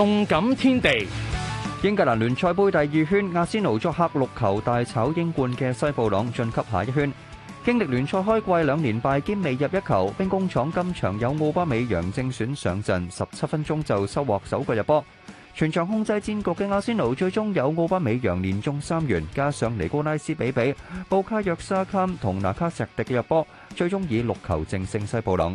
動感天地，英格蘭聯賽盃第二圈，阿仙奴作客六球大炒英冠嘅西布朗，晉級下一圈。經歷聯賽開季兩連敗兼未入一球，兵工廠今場有奧巴美揚正選上陣，十七分鐘就收穫首個入波。全場控制戰局嘅阿仙奴最終有奧巴美揚連中三元，加上尼古拉斯比比、布卡約沙坎同拿卡石迪嘅入波，最終以六球正勝西布朗。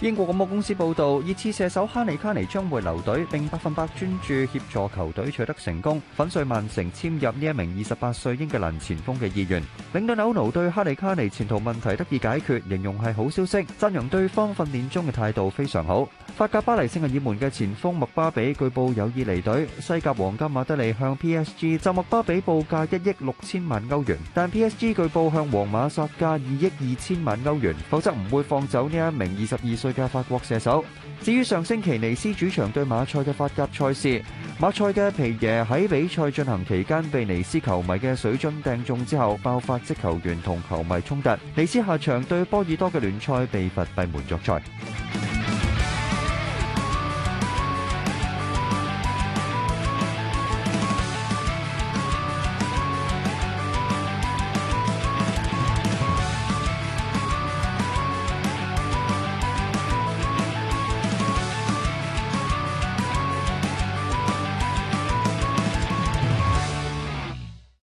英國廣播公司報道，熱刺射手哈利卡尼將會留隊，並百分百專注協助球隊取得成功，粉碎曼城簽入呢一名二十八歲英格蘭前鋒嘅意願。領隊紐奴對哈利卡尼前途問題得以解決，形容係好消息，讚揚對方訓練中嘅態度非常好。法甲巴黎聖日耳門嘅前鋒麥巴比據報有意離隊，西甲皇家馬德里向 P.S.G. 就麥巴比報價一億六千萬歐元，但 P.S.G. 據報向皇馬索價二億二千萬歐元，否則唔會放走呢一名二十二歲嘅法國射手。至於上星期尼斯主場對馬賽嘅法甲賽事，馬賽嘅皮耶喺比賽進行期間被尼斯球迷嘅水樽掟中之後爆發，職球員同球迷衝突，尼斯下場對波爾多嘅聯賽被罰閉門作賽。